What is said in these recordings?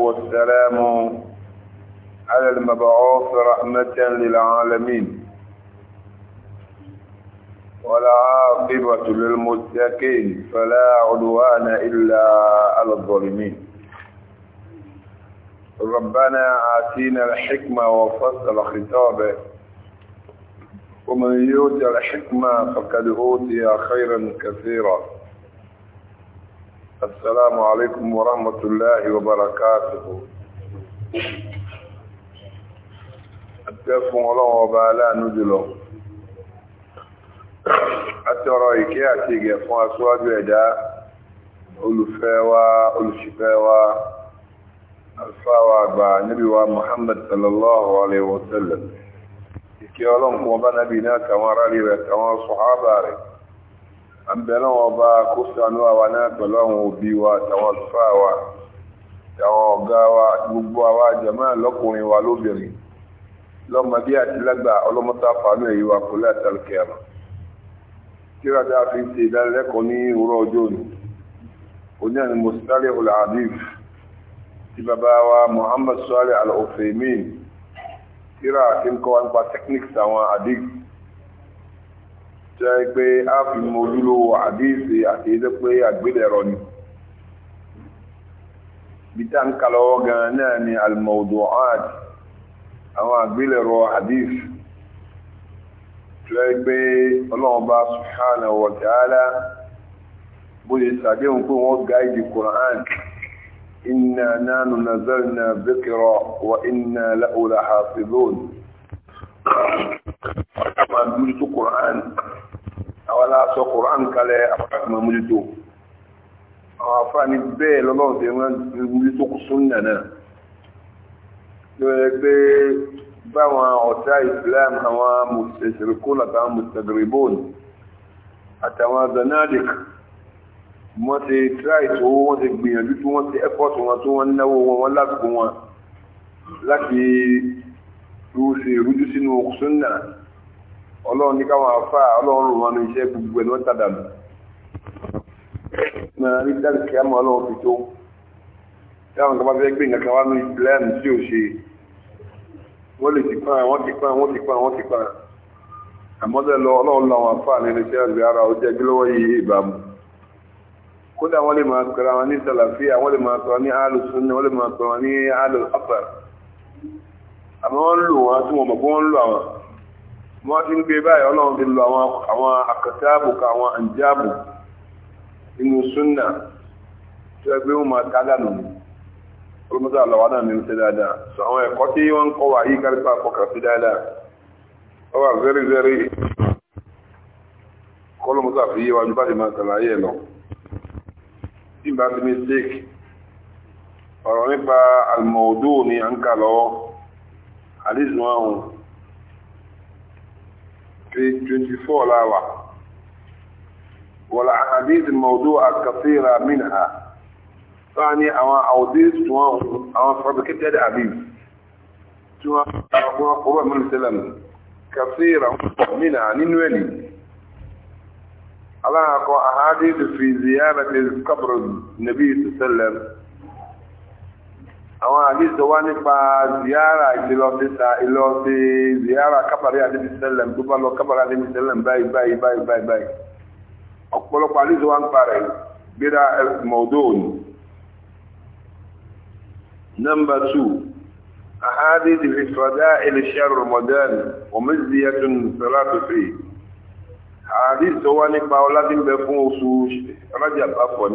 والسلام على المبعوث رحمة للعالمين والعاقبة للمتقين فلا عدوان إلا على الظالمين ربنا آتينا الحكمة وفصل خطابه ومن يؤتى الحكمة فقد أوتي خيرا كثيرا السلام عليكم ورحمة الله وبركاته أتفهم الله وبالا نجله أترى إكي أتيجي فون أسواج إداء olùfẹ́wà olùṣìfẹ́wà alfáwà àgbà níbiwà muhammad sallallahu alaihi wasallam ìkẹ́ ọlọ́nkún ọba nàbì náà tàwọn aráàlú rẹ̀ tàwọn sọ̀hábà rẹ̀ àbẹ̀rẹ̀ wọn bá kó sànú àwa náà pẹ̀lú àwọn òbí wa àtàwọn àlùfáà wa àwọn ọ̀gá wa gbogbo àwa jàmá lọ́kùnrin wa lóbìnrin lọ́mọdé àti lágbà ọlọ́mọta fàánù èyí wa kò láti àlùkẹ́ àmà kíra dáa fi ń ṣe ìdánilẹ́kọ̀ọ́ ní òwúrọ̀ ọjọ́ òní òní àni mùsùlùmí al-adif ti bàbá wa Muhammad Salih al-Uthaymeen kíra àti ń kọ́ wa nípa techniques àwọn adif tí a yẹ pé a fi mọ ojúlówó àdéhìsì àti ẹ̀dẹ́ pé àgbélẹ̀rọ ni bíta ń kalọ́wọ́ gan náà ni al-mawdu'at àwọn àgbélẹ̀rọ àdéhìsì tí a yẹ pé ọlọ́ọ̀bá subhanahu wa ta'ala bó ṣe ṣàdéhùn pé wọ́n gáìdì Qur'an inna nanu nazalna dhikra wa inna lahu lahafizun ọ̀dà máa dúró tó Qur'an àwọn aláṣọ Kùránì kalẹ̀ àpapọ̀ mójútó àwọn afáàní bẹ́ẹ̀ lọ́lọ́run ti rán mójútó kù súnnà náà lórí pé báwọn ọ̀tá Islam àwọn mùsùlùmí àtàwọn mùsùlùmí àtàwọn zanadik wọ́n ti try tó wọ́n ti gbìyànjú tó wọ́n ti effort wọn tó wọ́n náwó wọn wọ́n lásìkò wọn láti rú sí rújú sínú súnnà ọlọ́run ní káwọn afá ọlọ́run rò wọn iṣẹ́ gbogbo ẹ̀ lọ́n tàdà lù náà rí dáàbì kí á mọ ọlọ́run fi tó táwọn kan bá fẹ́ gbé nǹkan wá ní islam tí ò ṣe wọ́n lè ti pa wọ́n ti pa wọ́n ti pa wọ́n ti pa àmọ́tẹ́ lọ ọlọ́run làwọn afá nínú iṣẹ́ àgbẹ̀ ara ọjọ́ ìgbélọ́wọ́ yìí ìbámu kódà wọ́n lè máa pẹ̀lú àwọn ní sàlàfíà wọ́n lè máa pẹ̀lú ní alùsùn wọ́n lè máa pẹ̀lú ní alùsùn àmọ́ wọ́n lò wọ́n tí wọ́n mọ̀ pé wọ́n lò àwọn wọ́n ti ń gbé báyìí ọlọ́run ti lọ àwọn àkàtàbù ká àwọn àǹjáàbù inú súnà tí wọ́n gbé wọn máa ká dànù ní olùmọ́tò ní ṣe dáadáa sọ àwọn ẹ̀kọ́ tí wọ́n kọ́ wà yí kárípà kọkà sí dáadáa ó wà very very kọ́lọ́mọ́tò àfiyé wájú bá ti máa ṣàlàyé ẹ̀ lọ tí bá ti mistake ọ̀rọ̀ nípa àlùmọ̀ọ́dún 24 لاوة والأحاديث الموضوعة كثيرة منها ثاني أو أوديس أو فبكت يد أبيب توا قرب من السلام كثيرة منها ننولي الله أقول أحاديث في زيارة القبر النبي صلى الله عليه وسلم àwọn àdìsọ wá nípa ziara ìlọsíta ìlọsí ziyara kábàrí àdìbí sẹlẹm tó bá lọ kábàrí àdìbí sẹlẹm báyìí báyìí báyìí báyìí báyìí ọ̀pọ̀lọpọ̀ àdìsọ wá ń parẹ̀ gbéra mọ̀ọ́dọ́ọ̀nù. nọ́mbà 2 أحاديث في فضائل شهر رمضان ومزية صلاة فيه حديث هو نبا ولاد بفوس رجب عفوا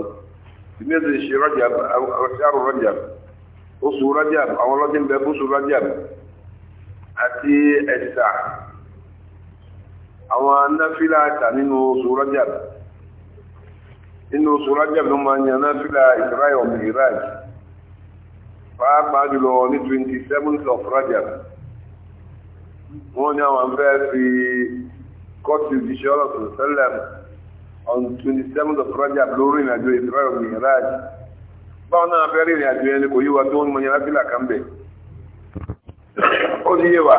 في مزية رجب أو شهر رجب oṣù rajab àwọn ọlọ́dún bẹ fóṣù rajab àti ẹ̀sà àwọn náfílà ẹ̀sà nínú oṣù rajab nínú oṣù rajab ló máa ń yan náfílà israel miraj pàápàá jùlọ ní 27th of rajab wọ́n ní àwọn fẹ́ fi kọ́tù ìṣẹ́ ọlọ́sùn sẹ́lẹ̀ on 27th of rajab lórí ìrìnàjò israel miraj báwọn náà fẹ́ rìnrìn àjò ẹni kò yíwa tó ń mọ yẹn lábílà kan bẹ̀ ó ní yé wa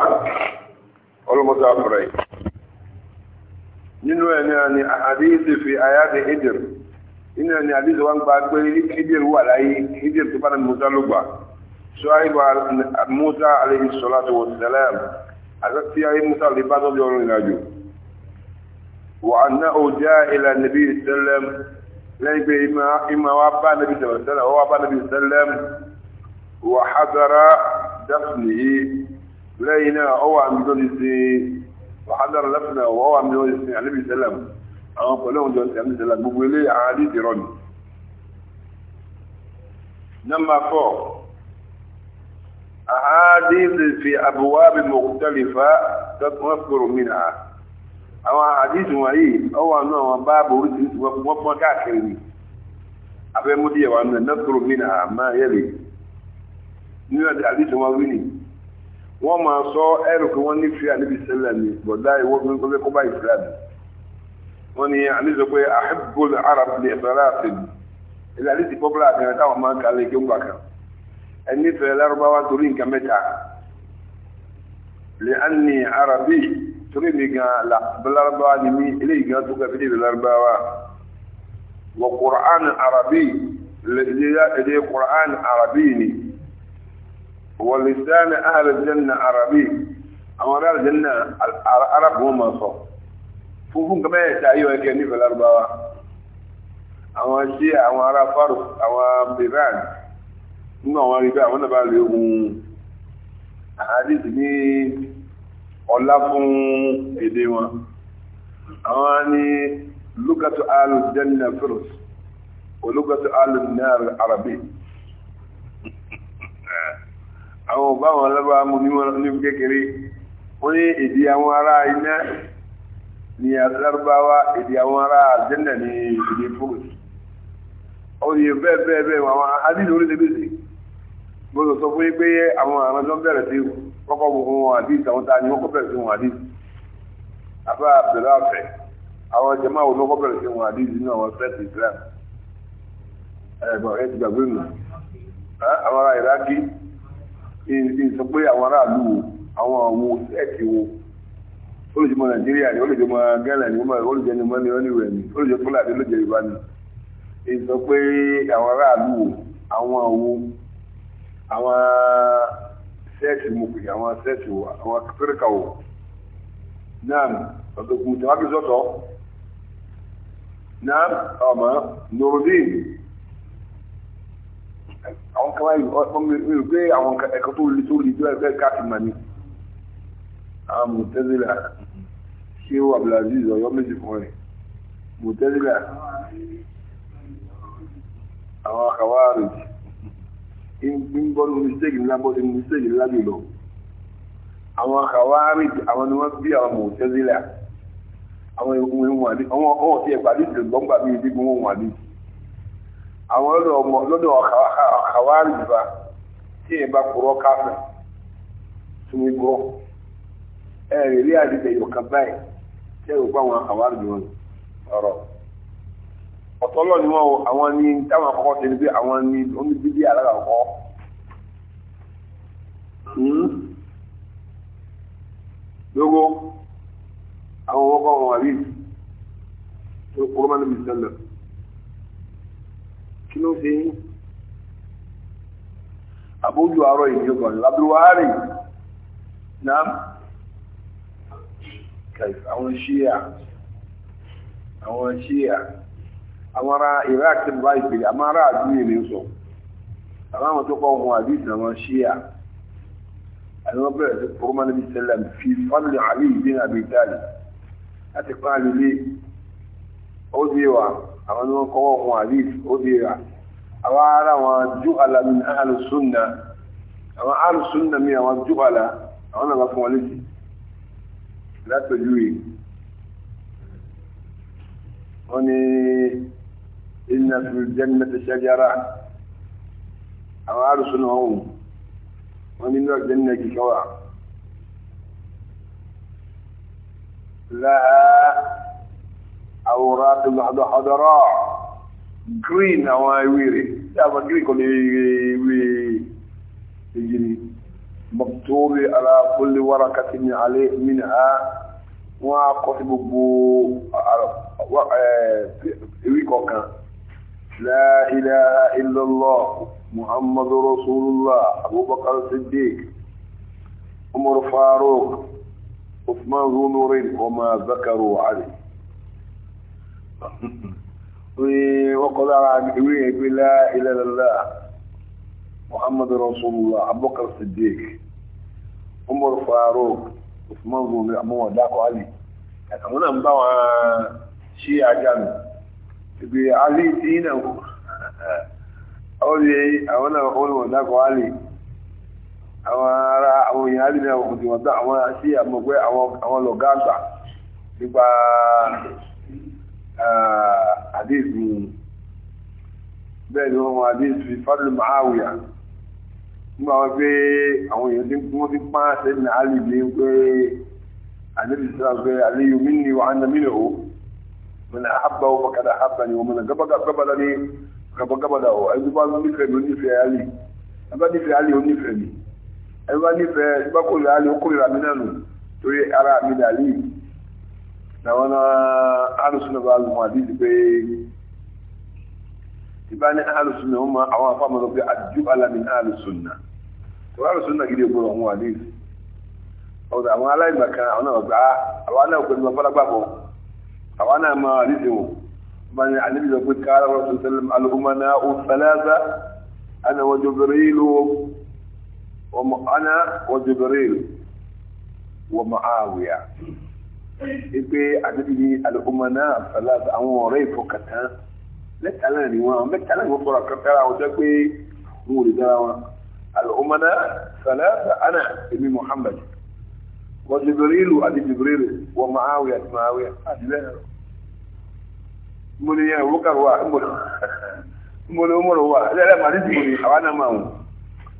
ọlọ́mọdé àfọ̀rọ̀ yìí nínú ẹ̀ náà ni àdéhìsì fi àyáde ìdìr nínú ẹ̀ ni àdéhìsì wa ń gba pé ìdìr wà láyé ìdìr tó bá ní Musa ló gbà sọ àyíbá Musa alayhi salatu wa salam àti tí ayé lè bá tó bí ọrùn ìrìn àjò wà ná òjá ìlànà bíi lẹ́yìn pé ìmọ̀ wa bá nàbí sẹ̀lẹ̀m wa bá nàbí sẹ̀lẹ̀m wà hádàrà dáfìlì yìí lẹ́yìn náà ó wà ní lórí sí wà hádàrà dáfìlì wà wà ní lórí sí ànábì sẹ̀lẹ̀m àwọn pẹ̀lú òun sí ànábì sẹ̀lẹ̀m gbogbo ilé àwọn àwọn àdìsí wọ̀nyí ọwọ́ náà wọn báàbù oríṣiríṣi wọ́n pọ́n káàkiri ni abẹ́múdí ẹ̀wà náà nẹ́tọ́rọ̀ mí náà máa yẹ̀lẹ̀ nínú àdìsí wọn wí ni wọ́n máa sọ ẹ̀rù pé wọ́n ní fi àníbi sẹ́lẹ̀ ni bọ̀dá ìwọ́ fún kọ́lé kọ́bá ìsìlámù wọ́n ní àníṣe pé àhẹ́bùl arab ní ẹ̀fẹ̀rẹ́ àfẹ́lú ilẹ̀ àdìsí pọ́pùlà kan táwọn máa ń kalẹ̀ kí ó kan ẹni fẹ́ lárúbáwá torí nǹkan mẹ́ta lẹ́ẹ̀ni torí mi gan larabawa ni mi eléyìí gan tó kẹfí lébi larabawa wọ qur'an arabi èdè qur'an arabi ni wọ lisan ahli janna arabi àwọn ará janna arabu ma sọ funfun kama yẹ ta yíwa kẹ nífẹ̀ẹ́ larabawa àwọn ṣí àwọn ará faru àwọn iran nínú àwọn arìbá àwọn nàbà lè hun àdìsí ní ọlá fún èdè wọn àwọn ni lugatu al-janna firus o lugatu al-nar arabi àwọn ọba wọn lábá mú ní kékeré wọ́n ní èdè àwọn ará iná ni alárúbáwá èdè àwọn ará al-janna ni èdè firus ó yẹ bẹ́ẹ̀ bẹ́ẹ̀ bẹ́ẹ̀ àwọn adílórí lébèsè gbọ́dọ̀ sọ fún yí pé àwọn àrùn tó ń bẹ̀rẹ̀ sí ìwọ̀n kọ́kọ́ wo ohun àdìs àwọn tá a ní wọ́n kọ́ bẹ̀rẹ̀ sí ohun àdìs àbá àbẹ̀rẹ̀ àfẹ́ àwọn jẹ́mọ́ àwọn olókọ́ bẹ̀rẹ̀ sí ohun àdìs nínú àwọn fẹ́ẹ̀tì Islam ẹ̀gbọ́n ẹ̀ ti àwọn ará Iraki sọ pé àwọn aráàlú àwọn àwọn ẹ̀kì wo olùjọmọ Nàìjíríà ni olùjọmọ Gánà ni olùjọmọ níwẹ̀ ni olùjọmọ Fúlàní olùjọ Yorùbá ni sọ pé àwọn aráàlú àwọn àwọn àwọn sẹ́ẹ̀tì mo pè àwọn sẹ́ẹ̀tì wo àwọn fẹ́rẹ́kà wo náà ọ̀dọ̀kùn tí wọ́n fi sọ́tọ̀ náà ọmọ nurudin àwọn kan wáyé wọ́n mi rò pé àwọn ẹ̀kọ́ tó le tó le tó ẹgbẹ́ káàkiri mà ní àwọn mùtẹ́sílà ṣé ó abdulaziz ọ̀yọ́ méjì fún ẹ̀ mùtẹ́sílà àwọn àkàwárìjì ń bọ́ nínú mistake ńlá bọ́ nínú mistake ńlá jùlọ àwọn àwárí àwọn ni wọ́n bí àwọn mọ̀tẹ́sílẹ̀ àwọn egun ewu àdí àwọn ọkọ̀ tí ẹ̀gbà ní ìṣẹ̀lẹ̀ gbọ́ngbà bí ibi gbọ́n ohun àdí àwọn lọ́dọ̀ àwárí ìbá tí ẹ̀ bá kúrọ́ káfẹ́ túnmí gbọ́ ẹ̀rẹ̀ ilé àdìgbẹ̀yọ̀ kan báyìí tẹ́rù pa àwọn àwárí ìbá ọ̀rọ̀ ọ̀tọ́lọ̀ ni wọ́n àwọn ní táwọn àkọ́kọ́ ṣe ní pé àwọn ní oníbíbí alára ọ̀kọ́ hmm? lógo àwọn ọkọ̀ wọn àrí tó kúrò máa níbi ìṣẹ̀lẹ̀ kí ló ṣe yín àbójú àárọ̀ ìdí ọkọ̀ lábúrúwárì náà àwọn ṣíyà àwọn ṣíyà àwọn ará iraq ti bá ìpè àmọ́ ará àdúgbò ní sọ àwọn àwọn tó kọ́ ohun àdúgbò náà wọ́n ṣí à àwọn bẹ̀rẹ̀ sí kúrúmọ́ níbi sẹ́lẹ̀ fi fámìlì àlè ìdí àbí ìtàlì àti pààlì lé ó di wa àwọn ni wọ́n kọ́ ohun àdúgbò ó di wa àwọn ará wọn jù àlàmì àlùsùnà àwọn àlùsùnà mi àwọn jù àlà àwọn náà fún wọn létí látọ̀jú yìí wọ́n ní inna fi jannati shajara àwọn arúsùn náà wù wọn nínú aljanna kíkọ́ wà láà àwòrán tó lọ́dọ̀ ọ̀dọ̀rọ̀ green àwọn ewé rẹ̀ tí a bá green kọ́ lè ewé ìjìnì mọ̀tòrí ara kulli warakatin minha wọ́n á kọ́ sí gbogbo ewé kọ̀ọ̀kan لا إله إلا الله محمد رسول الله أبو بكر الصديق عمر فاروق عثمان ذو نور وما ذكروا عليه وقال عبيد لا إله إلا الله محمد رسول الله أبو بكر الصديق عمر فاروق عثمان ذو نور وما ذكروا علي أنا أقول لهم شيء عجانب ibi ali tí ìnà ọ̀rọ̀ yẹn àwọn náà wọ́n wọ́n dákọ̀ alì àwọn ará àwọn èèyàn alì náà wọ́n ti wọ́n dá àwọn sí àmọ̀gbẹ́ àwọn lọ̀gá àgbà nípa àdéhùn bẹ́ẹ̀ ni wọ́n mọ àdéhùn fadlu ma'awiya nígbà wọn pé àwọn èèyàn tí wọ́n ti pán من أحبه فقد أحبني ومن قبل قبلني فقد قبله أي ذبا نفعل ونفعل علي أبا نفعل علي ونفعل أبا نفعل بقول علي وقول رامنانو تري أرى من علي لو أنا أهل سنة والمعديد بي تباني أهل سنة هم أوان فامنوا بأجبال من أهل السنة وأهل السنة قد يقولوا هم حديث أو ذا أما لا يبقى أنا أبقى أو أنا أقول ما فلا بابه àwọn náà máa rí sí wọn bá ní àníbi sọ pé kára rọ̀ sọ́lẹ̀ alùpùpù náà ó sálásá ana wọ́n Jibril ọmọ ana wọ́n Jibril wọ́n Muawiya ipe àníbi ní alùpùpù náà sálásá àwọn ọ̀rẹ́ ìfọkàtà mẹ́ta náà ni wọn mẹ́ta náà wọ́n fọ̀rọ̀ kẹtàrà àwọn jẹ́ pé wọn ò lè dára wọn alùpùpù náà sálásá ana èmi Muhammad. وجبريل أدي جبريل ومعاوية معاوية أدي لا من يبكر وأمر من أمر هو لا لا ما نسمي أنا ما هو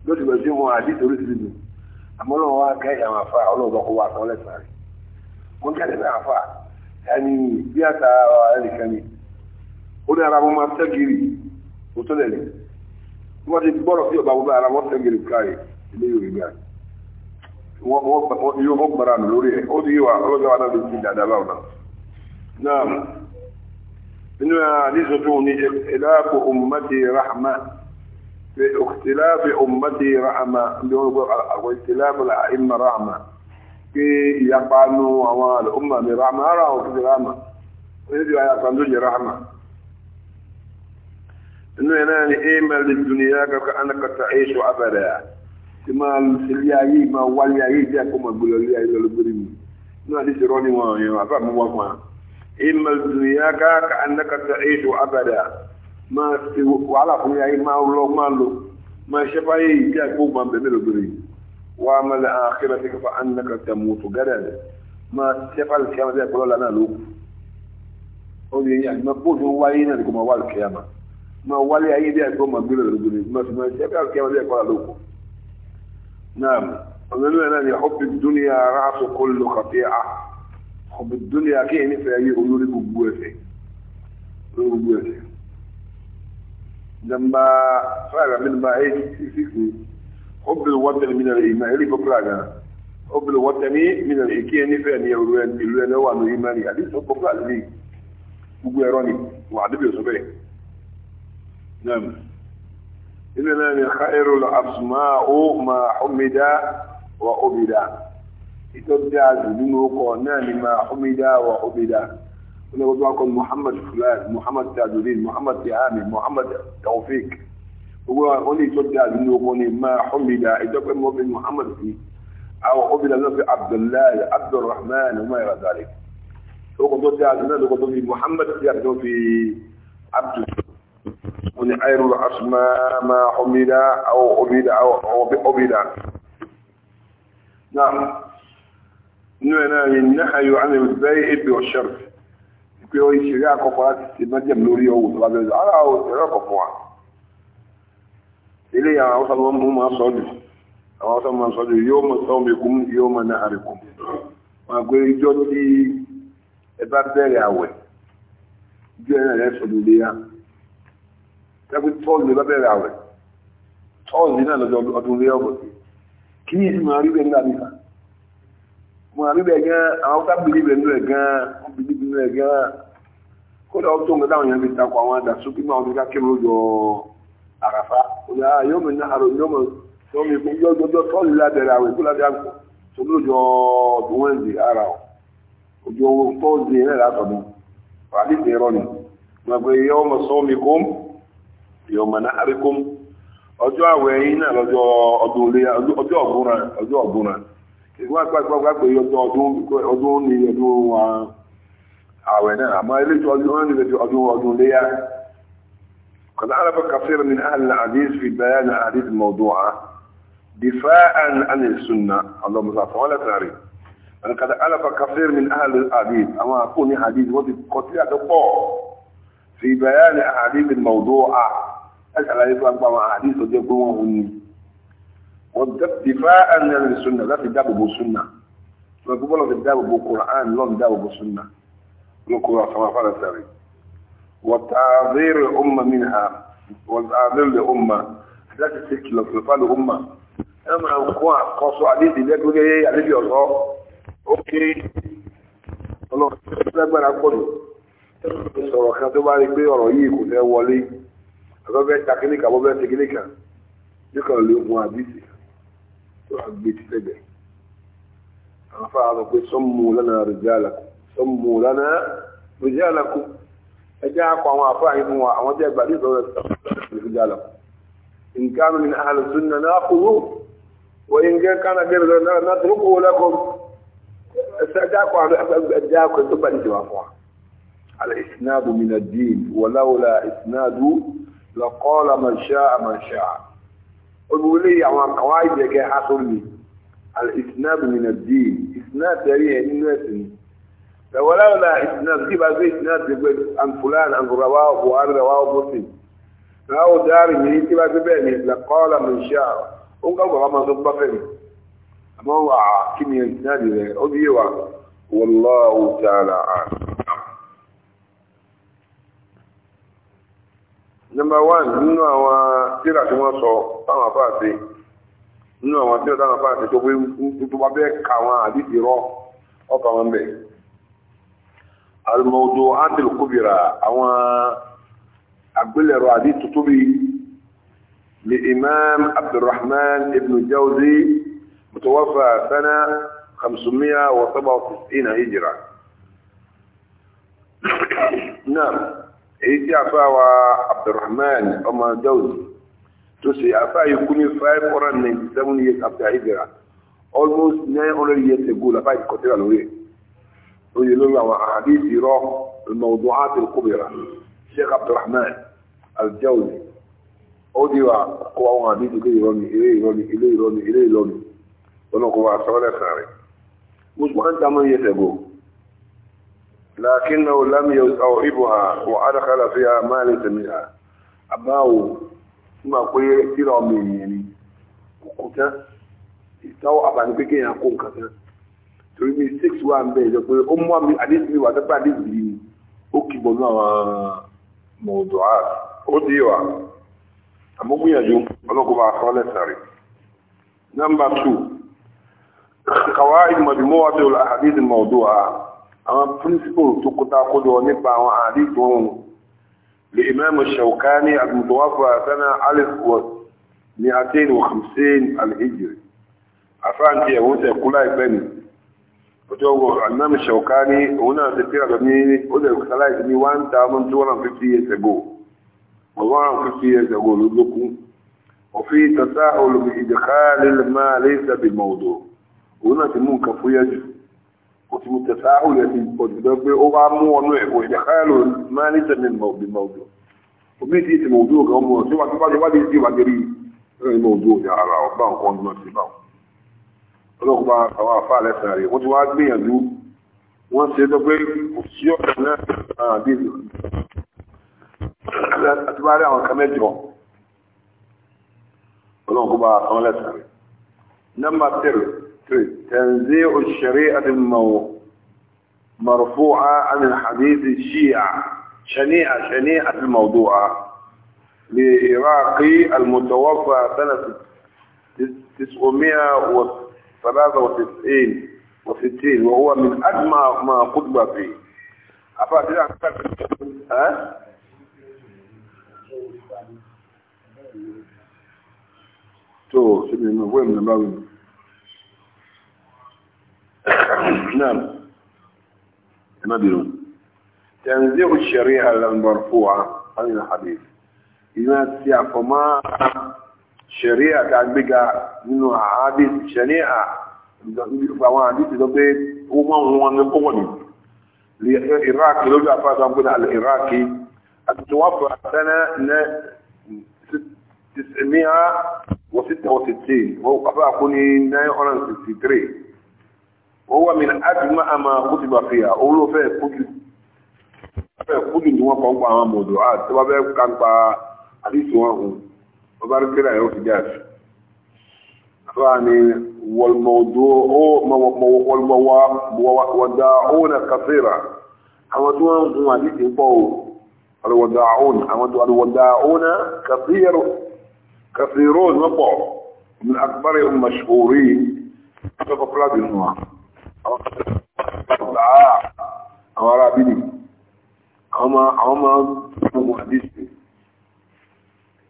لو تبغى هو أدي تقول تبغى أما لو هو كي أما فا لو بقوا واسع ولا ساري من كان ما فا يعني بيتا يعني كني ولا رابو ما تجري وتدري ما تبغى رفيع بابو بقى رابو تجري بكاري اللي يبغى yóò gbára nù lórí ẹ̀ ó díwà ọlọ́gbà wà lórí ìjìn dàdà báwọn náà nínú àdísọ tó ní ìlàpò ummati rahma fi ìtìláàfi ummati rahma bí wọ́n gbọ́ àwọn ìtìláàfi àìmà rahma pé ìyapa nù àwọn al'umma mi rahma ara àwọn fi rahma wọ́n ti wáyà kan tó jẹ rahma nínú ẹ̀ náà ni ẹ̀ mẹ́rin kankan an ka ta'isu abada ti máa ṣe ilé ayé máa wá ilé ayé jẹ́ kó máa gbélé ilé ayé lọ́lọ́ gbére mi náà ní ti rọ́ ní wọn yẹn àbá mi wá fún wa. ìmọ̀ ìdùnnìyà ká ká anákàtà èdò abàdà máa ṣe wàhálà fún ilé ayé máa lọ máa lọ máa ṣe fáyé yìí jẹ́ kó máa bẹ̀rẹ̀ lọ́ gbére yìí. wà á máa lọ àkérè tí káfa anákàtà mọ̀tò gádà máa ṣe fáyé kí á máa jẹ́ kó lọ́la náà lóko. ó yẹ yàtí máa bóòdù wáyé náà kó máa wá نعم قالوا لنا لحب الدنيا رأس كل خطيئة حب الدنيا كي نفعي أولوري ببوته ببوته لما فعل من ما يجي حب الوطن من الإيمان اللي بفرعنا حب الوطن من الإيمان نفعي أولوري بلوين هو أنه إيماني هذه حب بفرعنا لي ببوه روني وعدبي وصبعي نعم إننا خير الأسماء ما حمد وعبد إتبدع ذنوك نال ما حمد وعبد أنا بقول محمد فلان محمد تعدلين محمد تعامي محمد توفيق وقولي إتبدع ذنوك ما حمد إتبدع محمد فيه أو عبد الله عبد الله عبد الرحمن وما إلى ذلك وقد تعدلنا وقد محمد يعدل في عبد الله من عير الأسماء ما حمد أو عبد أو عبد نعم نعنى النهي عن البيع والشرف pé ó ṣe rí àkọ́kọ́ láti ṣe mẹ́jẹ̀m lórí ọwọ́ tó bá bẹ̀rẹ̀ ara ò tẹ̀rẹ̀ ọ̀kọ̀ fún wa ilé àwọn ọ̀sán mọ́ mú máa sọ́dù àwọn ọ̀sán máa sọ́dù tẹ́gbẹ́ tọ́ọ̀lù bá bẹ̀rẹ̀ àwẹ̀ tọ́ọ̀lù náà lọ́jọ́ ọdún rí ọ̀bọ̀ sí kí ní ìsìn máa rí bẹ̀ nígbà nígbà máa rí bẹ̀ gan àwọn ká bìlí bẹ̀ nílẹ̀ gan wọ́n bìlí bẹ̀ nílẹ̀ gan kódà ó tó nǹkan táwọn yẹn fi takọ àwọn àdàsó kí máa wọn fi ká kí lójọ àràfá òyà yóò mi náà àrò yóò mi yóò mi fún yọjọjọ tọ́ọ̀lù lábẹ́rẹ́ àwẹ̀ kó lábẹ́ yọ̀mọ̀ náà àríkún ọjọ́ àwẹ̀ yín náà lọ́jọ́ ọdún ilé ọjọ́ ọ̀gbúnra ọjọ́ ọ̀gbúnra pé ọjọ́ ọdún ní ọdún àwẹ̀ náà àmọ́ ọdún wọn nílẹ̀ ọdún ọdún yá قد عرف كثير من أهل الحديث في بيان الأحاديث الموضوعة دفاعا عن السنة اللهم صل على تاريخ أنا قد ألف كثير من أهل الحديث أما أقول حديث وقت قتل في بيان الأحاديث الموضوعة àkàlàyé fún apá àwọn àdìsọ jẹ́ pé wọ́n ń ní wọ́n tìfá ànàlì sunna láti dáàbò bo sunna wọ́n gbọ́dọ̀ fi dáàbò bo Qur'an lọ́n dáàbò bo sunna lókùrọ̀ àfọwọ́ afárá sáré wọ́n tààbẹ̀rẹ̀ ọmọ mi nà wọ́n tààbẹ̀rẹ̀ ọmọ láti ṣe kìlọ̀ fún fálù ọmọ ẹ máa ń kún àkọsọ àdìsí lẹ́gbẹ̀ẹ́ àdìsí ọ̀sọ́ ó kéré ọlọ́run tó lágbára pọ̀ jù sọ̀rọ̀ kan tó bá rí pé ọ̀rọ̀ yìí kò fẹ́ wọlé abẹ́fẹ́ ta kíní kan abẹ́fẹ́ ti kíní kan níkan ló gun àbísì tó àgbé ti tẹ́gbẹ̀ àwọn afárá sọ pé sọ́mù lánà rìjálàkù sọ́mù lánà rìjálàkù ẹjẹ́ akọ àwọn afárá yìí fún wa àwọn jẹ́ ìgbàdí ìsọ̀rọ̀ rìjálàkù nǹkan mi ní àlùsùn náà náà kúrú wọ́n yín gẹ́ kánà gẹ́rẹ́ náà náà tó kú lẹ́kọ̀ọ́ ẹjẹ́ akọ ẹjẹ́ akọ ẹjọ́ ìgbàdí ìjọba fún wa. al-isnadu min ad-din wa lawla isnadu lọ́kọ́ọ́lá mọ̀ṣá àmọ̀ṣá olùwọlé àwọn àkàwá ìjẹ̀kẹ́ asọ́lẹ̀ alìsínàbù nínú díì ìsínàbù tẹ̀rí ẹ̀ nínú ẹ̀sìn lọ́wọ́láwọ́lá ìsínàbù tí bá gbé ìsínàbù ti gbé àǹfùlán àǹgọ̀rọ̀wá buhari rẹ̀ wá ọgbọ́sìn láwọ dáàrì ní nọmba wán nínú àwọn tíra tí wọ́n sọ táwọn afáàṣe nínú àwọn tíra táwọn afáàṣe tó pé tó bá bẹ́ẹ̀ ka àwọn àdìsí rọ ọkọ̀ wọn bẹ̀. almọ̀dọ̀ ádìl kúbìrà àwọn àgbélẹ̀rọ àdìsí tó tóbi lè imam abdulrahman ibn jawzi mutawafa sana 597 hijira. نعم èyí tí àfá wa abdulrahman ọmọ daud tó ṣe àfá yìí kú ní five hundred ninety seven years after hijra almost nine hundred years ago làfá yìí kọtẹ́rà lórí ẹ̀ lóye lórí àwọn àhàdíìsì rọ al-mawdu'at al-kubra sheikh abdulrahman al-daud ó di wa kó àwọn àhàdíìsì ilé ìrọ́ni ilé ìrọ́ni ilé ìrọ́ni ilé ìrọ́ni wọn kò wá sọ́ọ́lẹ̀ sàrẹ̀ musulman tamọ́ yẹsẹ̀ gbòó. لكنه لم يستوعبها وأدخل فيها ما ليس منها أباه ما قوي ترى من يعني وكتا استوعب أن بكي يكون كتا torí mi six wà ń bẹ ìjọ pé ó mú àmì àdéhùn mi wà tó pàdé ìdí ni ó kì bọ́ náà mọ̀ọ́dọ̀ á ó di wa àmúgbìyànjú ọlọ́kùnrin àkọọ́lẹ̀ sàrí. nọ́mbà two kàwá ìmọ̀dùmọ́wá tó la àdéhùn mọ̀ọ́dọ̀ á àwọn pírísìpò tó kúta kódọ nípa àwọn àdíjọ ohun lè imáàmù Shawkani àgbùntọwàfà sánà alif wọ́n ní àtẹ́lù hamsin alhijri àfáàntì ẹ̀wọ́n tẹ̀ kú láìpẹ́ ni ọjọ́ wọ imáàmù Shawkani òun náà ti pèrè àgbà ní ó lè kúta láìpẹ́ ní one thousand two hundred and fifty years ago one hundred and fifty òun náà ti mú òtún tẹ̀sáhùn ẹ̀sìn òjùdọ́ pé ó wá mú ọnú ẹ̀ kò ìjà káyọ̀ lórí máa ní sẹ́mi mọ̀bí mọ̀bí òbí ti ti mọ̀bí òkè ọmọ tí wọ́n ti bá ti wá di ti wá gẹ́rí ẹ̀rọ mọ̀bí òkè ara ọ̀gbà nǹkan bá ti wá gbìyànjú wọ́n ṣe tó pé kò bá àwọn lẹ́sẹ̀ rẹ̀ nọ́mbà tẹ̀rẹ̀ تنزيع الشريعة المو مرفوعة عن الحديث الشيعة شنيعة شنيعة الموضوعة لإراقي المتوفى سنة 993 وستين وهو من أجمع ما قطب فيه أفاتح ها تو شنو وين من نعم ما بيرون تنزيع الشريعة المرفوعة عن الحديث إذا سيعفما شريعة تعبقى منه عادث شريعة فهو عادث يضبط وما هو من القوم العراقي لو جاء فاز عن العراقي توفى سنة 966 وهو قفاء كوني 963 owó mi àdúmọ̀ àmà kúti bá fi hà owó fẹ́ kúti fẹ́ kúti ni wọ́n kọ́ ń pa àwọn mọ̀dù á tó bá fẹ́ ká ń pa àdìsí wọn hù wọ́n bá rí kíra ẹ̀rọ fi jáde. àbá ni wọ́lmọ̀dù ó wọ́lmọ̀wọ́dà òun kàfẹ́rà àwọn tí wọ́n ń hun àdìsí pọ̀ o òun àwọn wọ́n pọ̀ min akbari mashhuri sọ́kọ̀ fúlàbì àwọn ará bílì àwọn máa ń fún àdíṣẹ́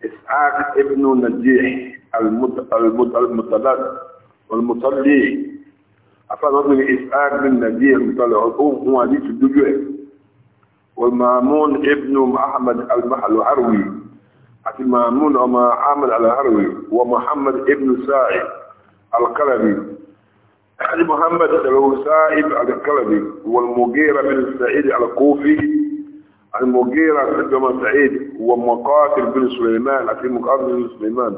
isaac ibn najih al-mutalad al-mutalli afẹ́lọ́gbìn isaac ibn najih al-mutalad ohun àdíṣẹ́ dúdú ẹ̀ والمامون ابن محمد الحروي àti maamun ọmọ ahmed alharawi wa muhammad ibn يعني محمد الوسائب الكلبي والمغيرة بن السعيد الكوفي المغيرة بن سعيد ومقاتل بن سليمان في مقاتل بن سليمان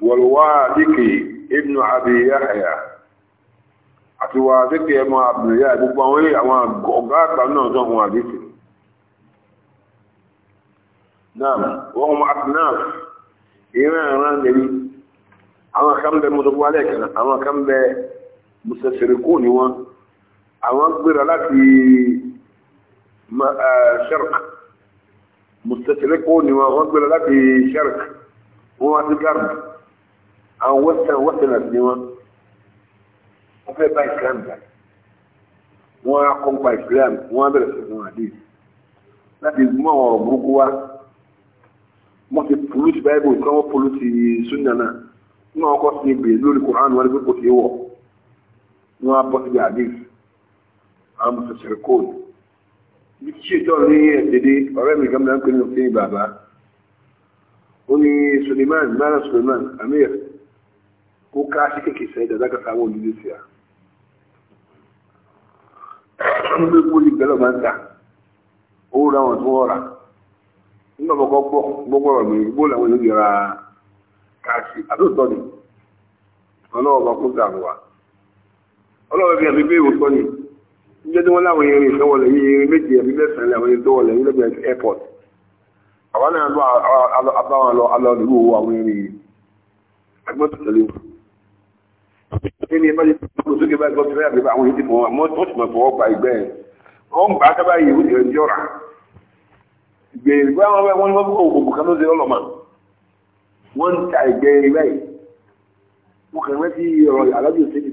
والوادكي ابن أبي يحيى àti wà síkè ẹmọ àbìnrin yá gbogbo àwọn àwọn ọ̀gá àgbà náà tó àwọn àdéṣe náà wọ́n mọ àtìnáà ìran ìran lèrí àwọn kan bẹ mọ́tò wálẹ̀ kan àwọn kan bẹ mùsàfẹ̀rẹ̀kù ni wọ́n àwọn gbéra láti shark mùsàfẹ̀rẹ̀kù ni wọ́n wọ́n gbéra láti shark wọ́n wá sí garb àwọn western westerners ni wọ́n wọ́n fẹ́ bá islam gbà wọ́n á kọ́ nípa islam wọ́n á bẹ̀rẹ̀ sí fún àdéhùn láti mú àwọn ọ̀rọ̀ burúkú wá wọ́n ti polúti bible kí wọ́n polúti sunna náà wọ́n kọ́ sí ibè lórí Quran wọn ni pé kò sí wọ̀. ni wọ́n á bọ́ síbi àdéhùn àwọn mùsùlùmí kóòdù bí ṣe tọ́ ní ẹ̀dẹ́dẹ́ ọ̀rẹ́ mi kan láńpẹ́ onye Suleiman mara Suleiman Amir kó ká sí kéèkì sẹ́yìn dàdá kan ya olùdíje sí à ń gbé gbólì bẹ́lọ̀ máa ń ta ó ra wọn tó wọ́n ọlọ́run fi àbí bẹ́ẹ̀ wọ́pọ̀ ni níjẹ́ tí wọ́n láwọn irin ìfẹ́ wọlé yìí irin méje àbí mẹ́sàn-án tó wọlé yìí lẹ́gbẹ̀ẹ́ airport àwọn náà lọ abáwọn lọ alọ́dúró owó àwọn irin yìí agbọ́n tó tẹ̀lé wọn. kí ni ìbájú tó sókè bá gbọ́ fẹ́ àbíbá àwọn yìí ti fọwọ́ mọ́ tó wọ́n ń bá kábà yìí ó jẹ́ jọ́ra ìgbèrè gbọ́ àwọn ọmọ wọn ni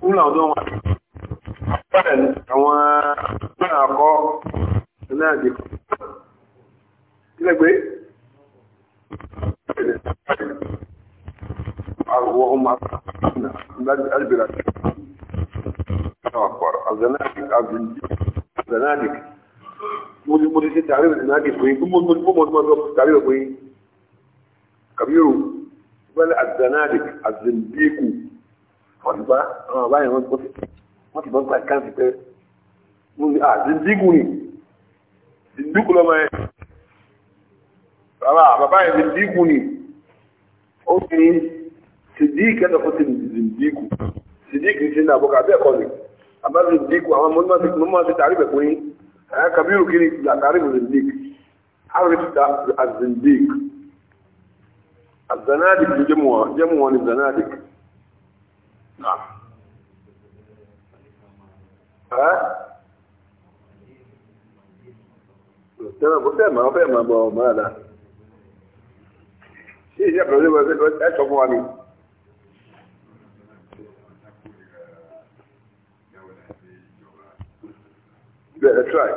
kúrò ọdún wọn pẹ̀lú àwọn mẹ́rin àkọ́ náà dì kọ́ ilẹ̀gbẹ́ àwọn ọmọ alìbìrà àpọ̀rọ̀ azanadik mo ti ṣe tààrí azanadik pé gbogbo tààrí pé kàbírò wọ́n azanadik azindiku ọ̀dùbá àwọn àbáyé wọn ti wọ́n ti bọ́ nípa ìkáǹtì pé dídíkù ni dídíkù lọ́mọ ẹ̀ bàbá bàbá yẹn ti dídíkù ni ó ti ní sìdíkì ẹ̀dọ̀ fún ti dídíkù sìdíkì ti ní àbúkà bẹ́ẹ̀ kọ́ ni àbá ti dídíkù àwọn mọ́mọ́ ti tàrí bẹ̀ fún yín ẹ̀yà kàbírù kiri tàrí bẹ̀ sìdíkì àrùtà àzìndíkì àzànádìkì jẹ́mu wọn ni zànádìkì náà tẹ́lẹ̀ kó fẹ́ máa fẹ́ máa bọ̀ ọmọ àdá sí ìṣẹ́ pẹ̀lú ẹ sọ fún wa ni. bẹ́ẹ̀ tíráì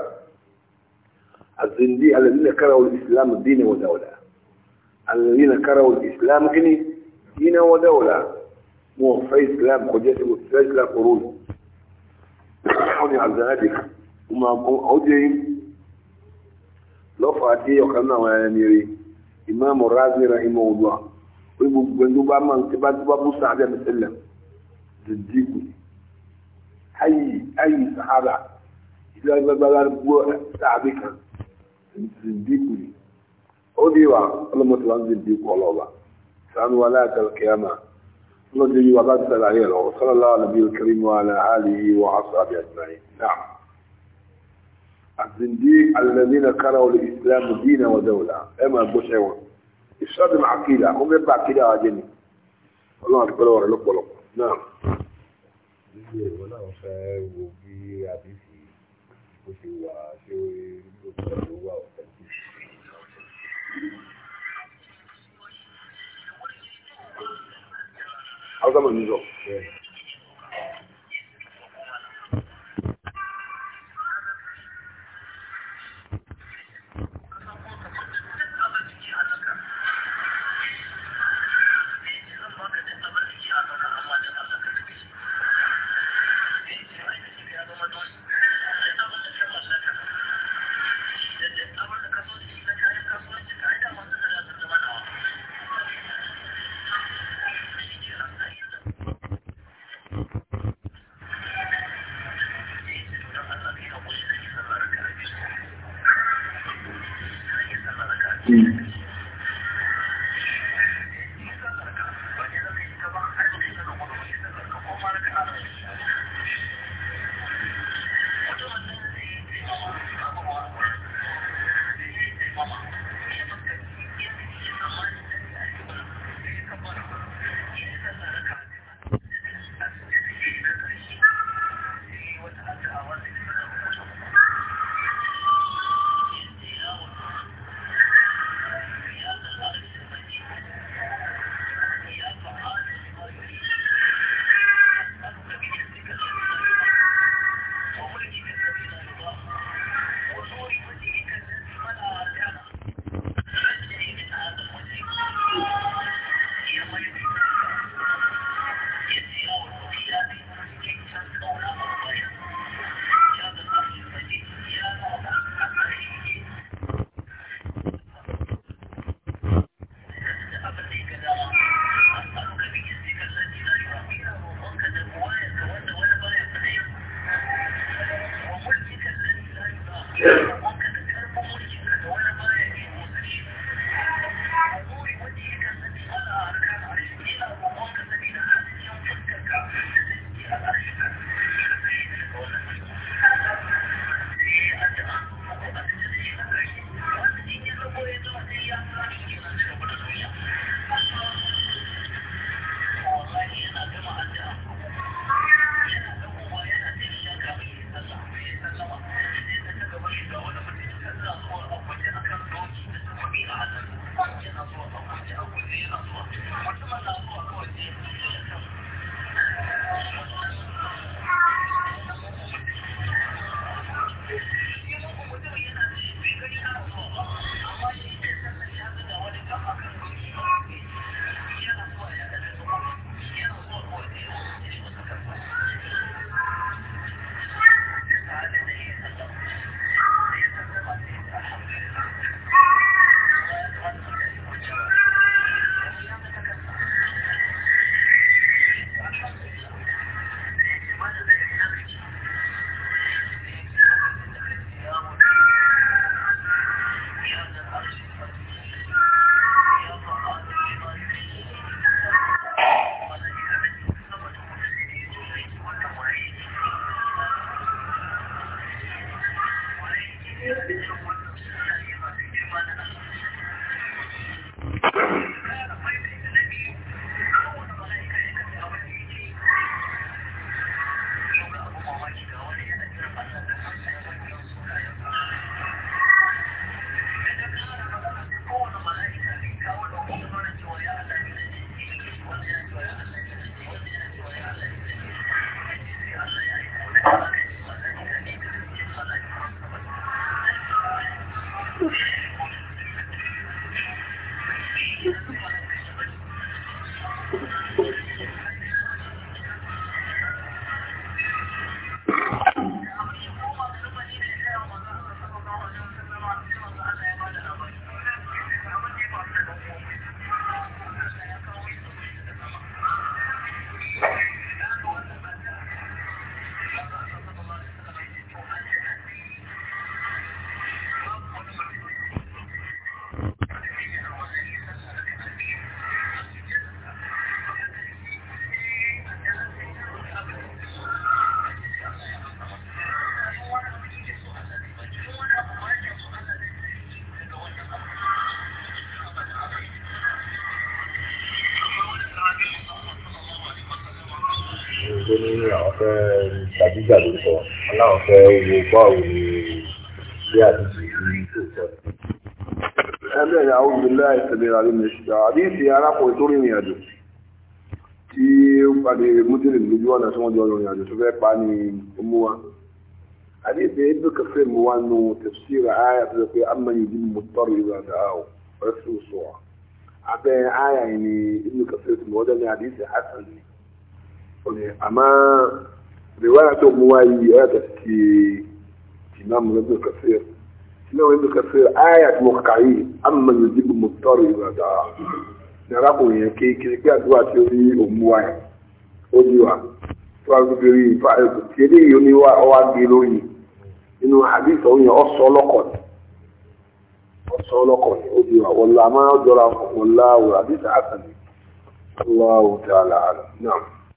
àzìndí alẹ́lẹ́lẹ́ kára olú islam dínà wọ́n dáwọ́dá alẹ́lẹ́lẹ́ kára olú islam kíní dínà wọ́n dáwọ́dá wọn fẹ́ islam kọjá sí wọ́n fẹ́ islam kọrọ́ọ̀lù. ní azanadik ó máa kún ọjọ́ yìí náà wọn ẹni rí ìmáàmù razi ra ìmọ̀ òdùà pé gbogbo ẹni tó bá máa ń tí bá tó bá bú sàádẹ́ mẹ́sẹ̀lẹ̀ ayi ayi sàádà ìlú agbára kan wa رضي وبعد سلعي الله صلى الله عليه الكريم وعلى آله وأصحابه أجمعين نعم الزنديق الذين كرهوا الإسلام دينا ودولة أما بوشعوا إفساد العقيدة هم يبقى كده عجني الله أكبر ورلق ولق نعم وبي Thank you. hausa mai nizo tó ní àwọn fẹ́ gbajúgbà ló sọ aláwọ̀ fẹ́ wo báwo ni bí àtúntò yìí tó sọ. ẹgbẹ́ ìyá àwọn ìgbìlẹ̀ ìṣẹ̀lẹ̀ àrí mi àdéhìí arákùnrin tó rìnrìn àjò tí ó pàdé mútìrì lójú ọ̀nà tí wọ́n jọ rìnrìn àjò tó fẹ́ pa ní mú wa. àdéhìí ibi kẹfẹ́ mi wá nù tafsir àyà tó sọ pé amáyé ìdí mo tọrọ ìlú àdá o rẹ́sùn sọ abẹ́ àyà yìí ni ibi kẹfẹ́ mi wọ́n dẹ́ ní àdéhìí hasan àmọ́ rìwáyà tó mú wáyé ẹ̀yà tẹ̀sí ìmáàmù lọ́dún kẹsìrì ìmáàmù lọ́dún kẹsìrì ayà tí mo kà yìí àmọ́ yóò dìbò mo tọrọ ìwà dáa ní arákùnrin yẹn kékeré pé àdúrà tí ó rí òmù wáyà ó di wa tó a gbé rí ìfà ẹ̀kọ́ tí eléyìí ó ní wá ọ wá gbé lórí nínú àdìsọ yẹn ọ̀sọ́ ọlọ́kọ̀ ni ọ̀sọ́ ọlọ́kọ̀ ni ó wa wọ́n la jọra wọ́n la wọ́n àdìsọ àtàlẹ́ Allahu ta'ala náà.